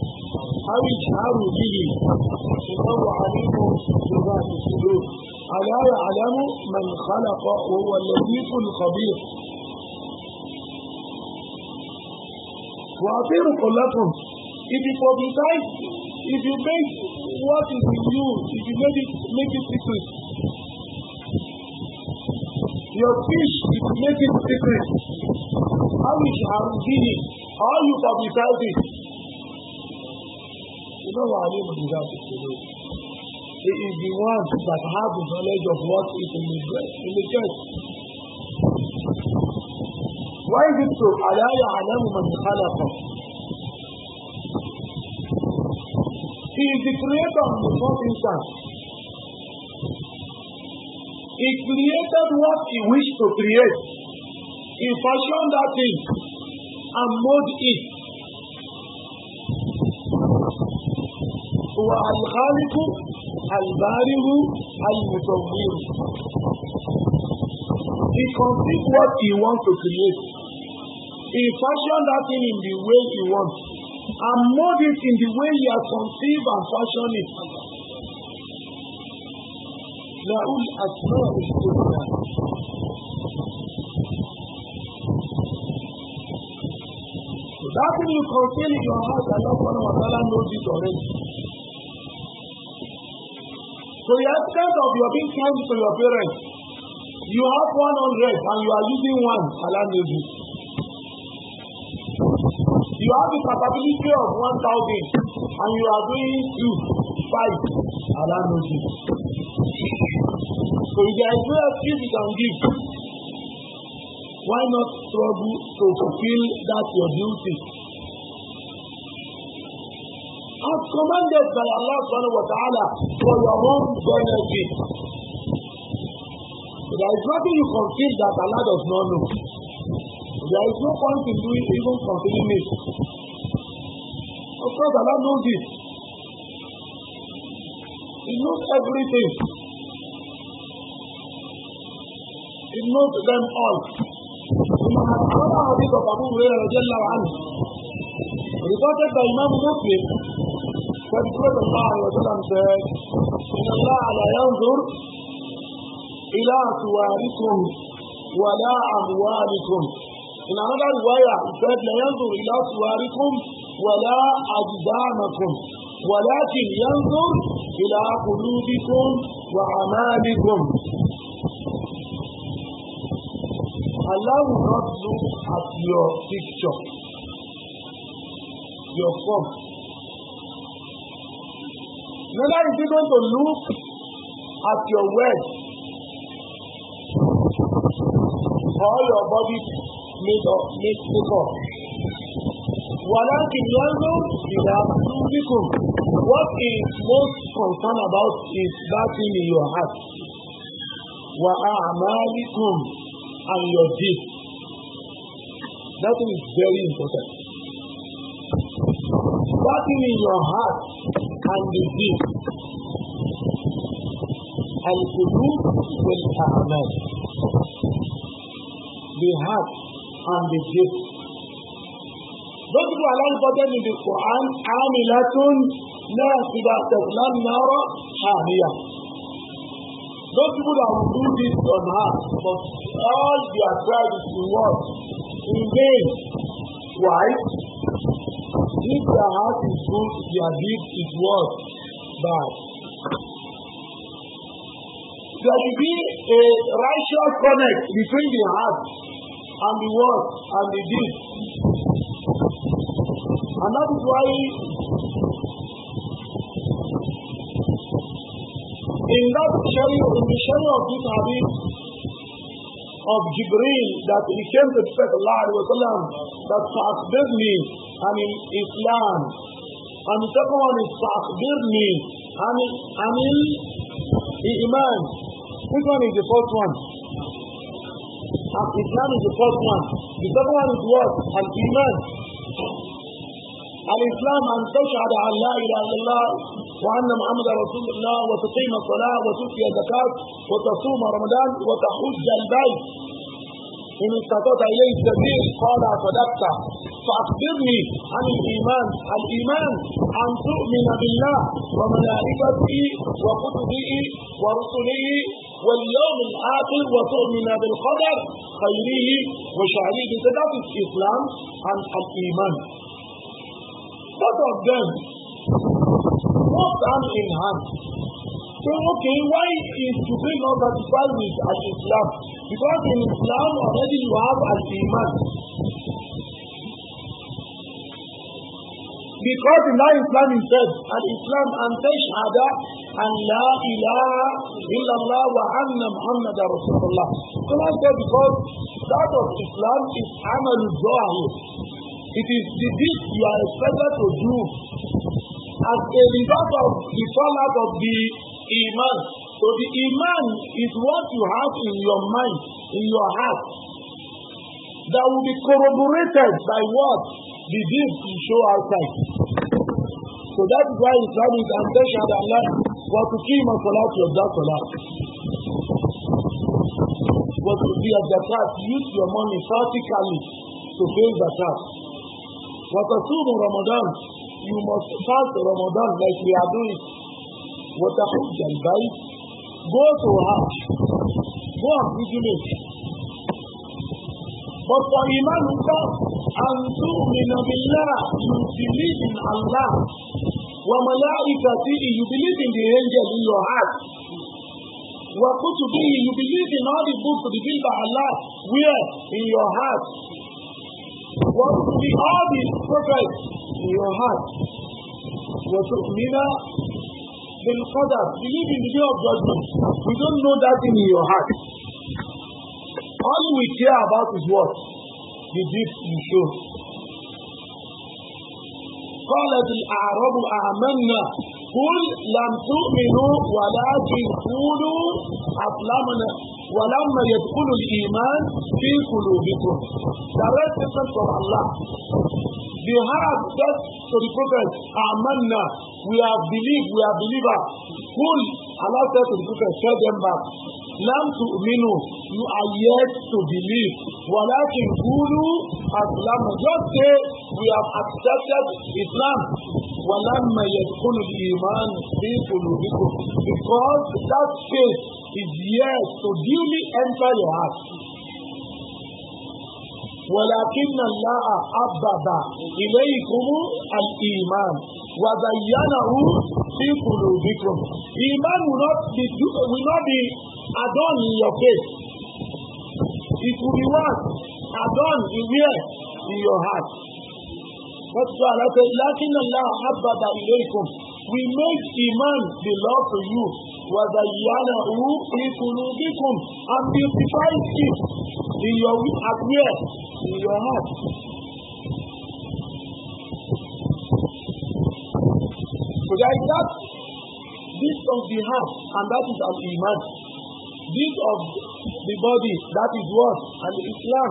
أو اجهروا به إنه عليم بذات الصدور ألا يعلم من خلق وهو اللطيف الخبير وأطيروا قولكم If you publicize, if you make what is in you, if you make it, make it secret. Your speech, is making secret, how is your meaning? How you publicize it? You know what I mean with that today? He is the one that has the knowledge of what is in the in the church. Why is it so? Allah ya'lamu man khalaqa. He is the creator of the fourth instance. He created what he wished to create. He fashioned that thing and made it. هو الخالق البارئ المصور. He conceived what he wants to create. He fashioned that thing in the way he wants and mold it in the way you has conceived and fashion it. Laul Asma is That thing you contain in your heart, Allah subhanahu wa ta'ala knows it already. So the extent of your being kind to your parents, you have 100 and you are using one, Allah knows it you have the capability of one thousand and you are doing two five allah knows it so if there is no excuse you can give why not struggle to fulfil that your duty as commanded by allah subhanahu wa ta'ala for your own benefit there is nothing you can confess that allah does not know there is no point in doing even continuing it because Allah knows it. He knows everything. He knows them all. Another hadith of Abu Hurairah radiallahu anhu reported by Imam Muslim when Prophet Allah said, إن الله لا ينظر إلى صوركم ولا أموالكم. In another riwayah, he said, لا ينظر إلى صوركم ولا أجسامكم ولكن ينظر إلى قلوبكم وأعمالكم Allah will not look at your picture, your form. Neither is he going to look at your words or your body made of made up. ولكن ينظر إلى قلوبكم what is most concerned about is that thing in your heart وأعمالكم and your deeds that thing is very important that thing in your heart and the deeds القلوب والأعمال the heart and the deeds نجد على البدن بالقرآن عاملة ناصبة تظلم نارا حامية Those people that will do this on her must all their tribes in what? In vain. Why? If their heart is good, their deed is what? Bad. There should be a righteous connect between the heart and the word and the deed. And that is why in that sharing, in the sharing of this hadith of Jibreel that he came to Prophet Allah that Sa'akbir me and in Islam and the second one is Sa'akbir me and in, and in Iman which one is the first one? Ah, Islam is the first one the second one is what? Al-Iman الإسلام أن تشهد عن لا إله إلا الله وأن محمد رسول الله وتقيم الصلاة وتؤتي الزكاة وتصوم رمضان وتحج البيت إن استطعت إليه السبيل قال صدقت فأخبرني عن الإيمان الإيمان أن تؤمن بالله وملائكته وكتبه ورسله واليوم الآخر وتؤمن بالقدر خيره وشره كتاب الإسلام عن الإيمان both of them both hand in hand say okay why is to bring us satisfy with as islam because in islam already you have as iman because in that islam itself and islam and say shahada and la ilaha illallah wa anna muhammad rasulullah so i say because that of islam is amalu zahir It is the deed you are expected to do as a result of the fallout of the Iman. So the Iman is what you have in your mind, in your heart, that will be corroborated by what? The deeds you show outside. So that is why Islam is ambition that Allah was to keep my salat your that salat. Was to be at the class, use your money practically to pay the class. وتصوم رمضان you must fast Ramadan like we are doing وتحج البيت go to Hajj go and pilgrimage but for Iman Uba أن تؤمن بالله you believe in Allah وملائكته you believe in the angel in your heart وكتبه you believe in all the books revealed by Allah where in your heart What to be all these progress in your heart. وَتُؤْمِنَ بِالْقَدَرِ Believe in the day of judgment. We don't know that thing in your heart. All we care about is what? The deeds you show. قالت الأعراب آمنا قل لم تؤمنوا ولكن قولوا أسلمنا ولما يدخل الإيمان في قلوبكم direct difference from Allah the heart said to the prophet amanna we have believed we are believers Who Allah said to the prophet tell them back lam tu'minu you are yet to believe walakin qulu aslamu just say we have accepted Islam walamma yadkhulu al-iman fi qulubikum because that faith is yes to duly enter your heart. ولكن الله حبب إليكم الإيمان وزينه في قلوبكم إيمان will not be will not be adorned in your face. It will be what? Adorned in where? In your heart. That's why I say, لكن الله حبب إليكم. We make Iman the love to you وَزَيَّنَهُ فِي قُلُوبِكُمْ and beautified it in your appear in your heart. So there is that this of the heart and that is of the mind. This of the body that is what and Islam.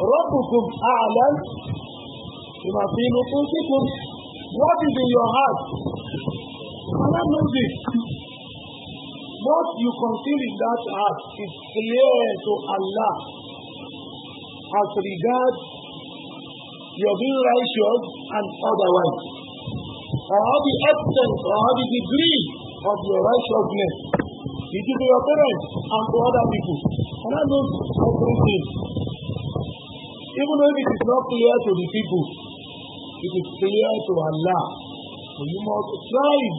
ربكم أعلم You must bima fi nufusikum what is in your heart Allah knows it what you conceal in that heart is clear to Allah as regards your being righteous and otherwise or the absence or the degree of your righteousness it is to your parents and to other people Allah knows everything even though it is not clear to the people It is clear to Allah. So you must strive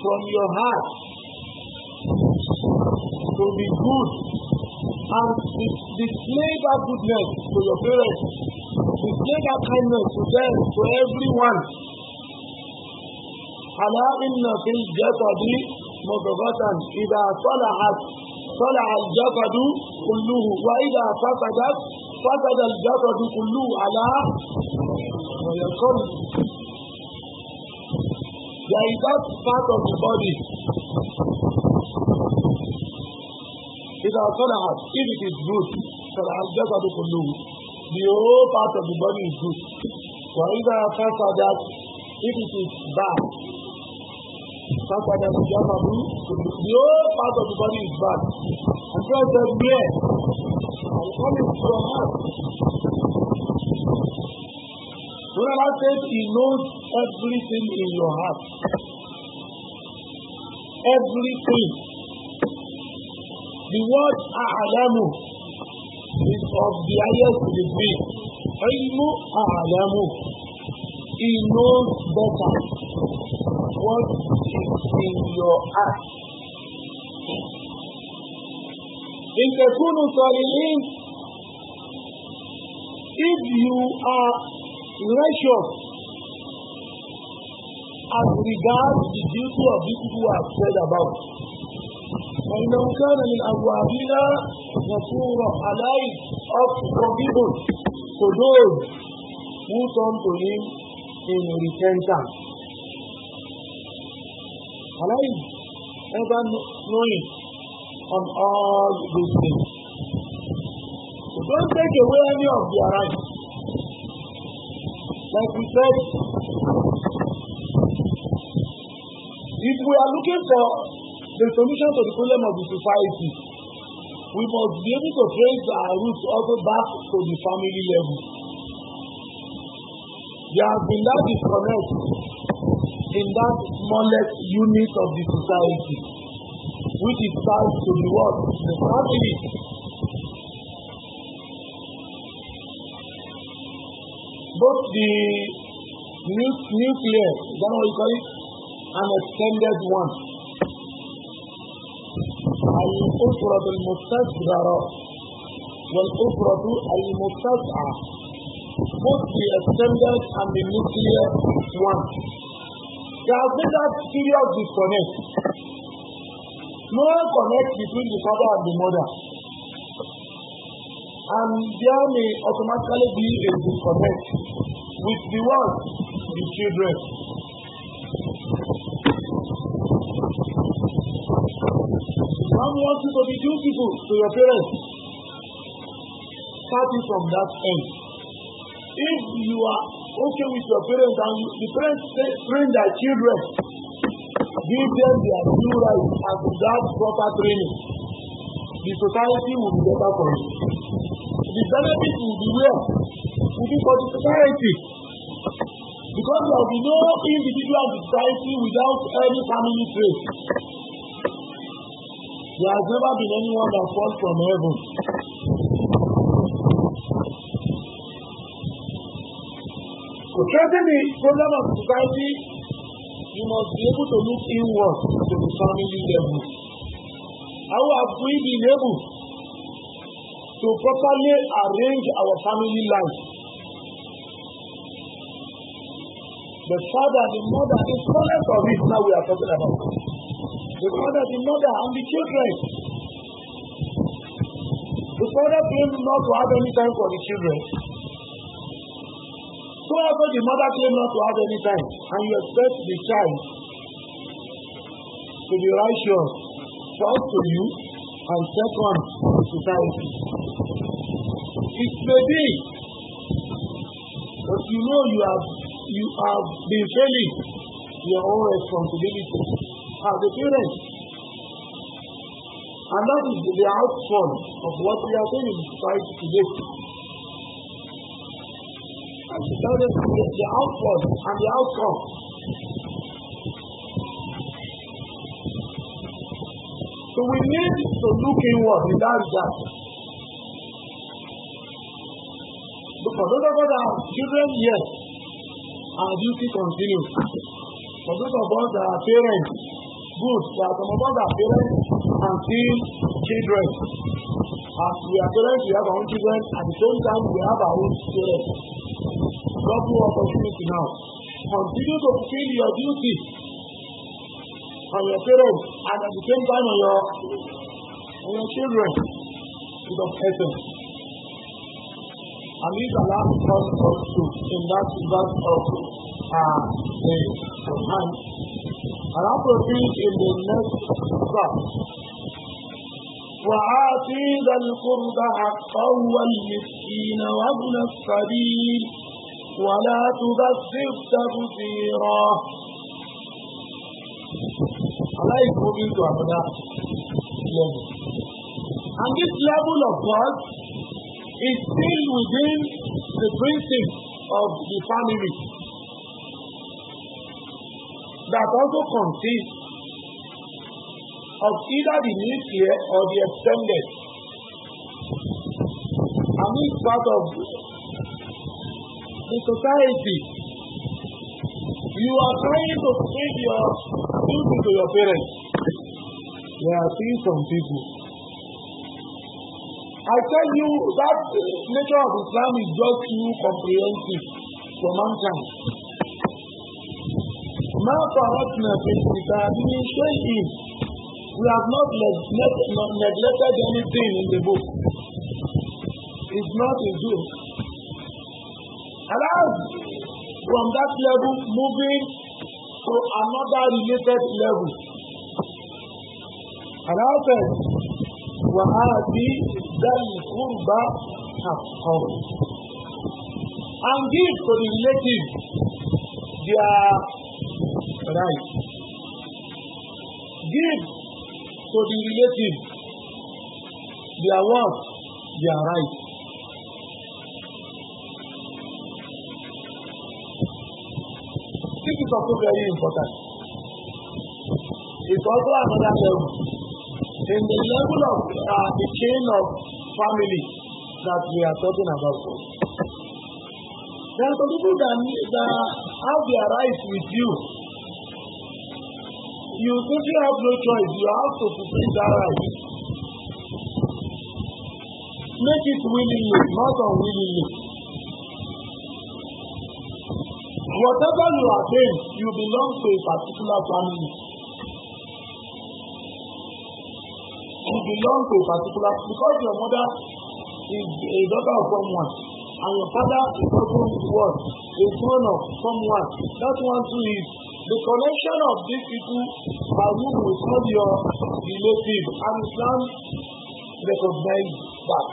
from your heart to be good and display that goodness to your parents, display that kindness to them, to everyone. ألا إن في الجسد مضغة إذا al صلح الجسد كله وإذا فسدت فقد الجبد كله على ويقوم There is that part of the body. إذا صلحت if it is good then I'll just have to do the whole part of the body is good of that, if it is bad فسد الجسد كله the whole part of the body is bad and God said yeah coming from us. The says He knows everything in your heart. Everything. The word A'alamu is of the highest degree. Ilmu A'alamu. He knows better what is in your heart. إن تكونوا صالحين if you are righteous as regards the duty of the people who are said about. and the فإنه كان من أبوابنا غفورا عليه of forgiven to those who come to him in repentance. Alive, ever knowing on all these things. So don't take away any of their rights. Like we said, if we are looking for the solution to the problem of the society, we must be able to trace our roots also back to the family level. There has been that disconnect in that smallest unit of the society which is bound to the what the family. Both the nu nuclear, is that what you call it? An extended one. الأسرة المستصغرة والأسرة المتسعة both the extended and the nuclear one. They have made that serious disconnect no connect between the father and the mother. And there may automatically be a disconnect with the one, the children. Islam wants you to be dutiful to your parents. Starting from that end. If you are okay with your parents and the parents train their children, give them their due rights and without proper training, the society will be better for it. The benefit will be where? Will be for the society. Because there will be no individual society without any family trace. There has never been anyone that falls from heaven. To so, threaten the problem of society, you must be able to look inward to family level. How have we been able to properly arrange our family life. The father, the mother, the parents of it now we are talking about. The father, the mother, and the children. The father claimed not to have any time for the children. So also the mother claimed not to have any time, and you expect the child to be righteous, first to you, and second to society. It may be that you know you have you have been failing your own responsibility as a parent. And that is the outcome of what we are doing in society today. And that is the outcome and the outcome So we need to look inward in that regard. But for those of us that are children, yes, our duty continues. For those of us that are parents, good. For are some of us that are parents and still children. As we are parents, we have our own children. At the same time, we have our own parents. Double opportunity now. Continue to fulfill your duty for your parents and at the same time on your on your children is of essence. And this allows us also in that verse of uh, ah, the eh, Quran. And I proceed in the next verse. وآتي ذا القربى حقه والمسكين Life moving to another level. And this level of God is still within the principle of the family that also consists of either the nuclear or the extended. And it's part of the society You are trying to feed your duty to your parents. They are seeing some people. I tell you that nature of Islam is just too comprehensive for mankind. ما فرطنا في الكتاب من شيء we have not neglected anything in the book. It's not a joke. Allah from that level moving to another related level. and I Àlàáfẹ̀ wàhálà bí ìdáyìí kúrúbá come, And give to the relative their right. Give to the relative their what? Their right. also very important. It's also another level. In the level of uh, the chain of family that we are talking about. There are some people that, uh, that have their rights with you. You simply have no choice. You have to fulfill that right. Make it willingly, not unwillingly. Whatever you are, attain, you belong to a particular family. You belong to a particular because your mother is a daughter of someone and your father is also what a son of someone. That one too is the connection of these people by whom you call your relative and Islam recognize that.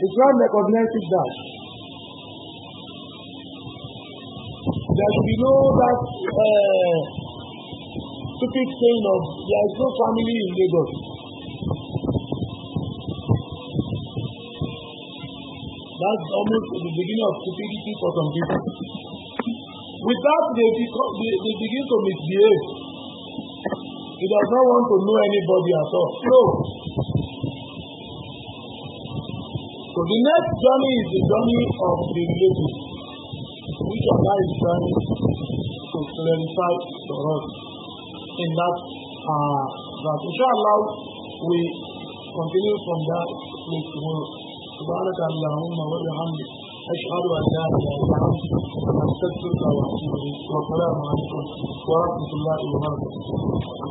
Islam recognizes that. As we know that uh, stupid saying of there is no family in Lagos. That's almost the beginning of stupidity for some people. With that, they, become, they, they begin to misbehave. He does not want to know anybody at all. No. So the next journey is the journey of the relationship. Allah is trying to clarify for us in that uh, that inshallah we continue from that place tomorrow. سبحانك اللهم وبحمدك أشهد أن لا إله إلا أنت أستغفرك وأتوب إليك والسلام عليكم ورحمة الله وبركاته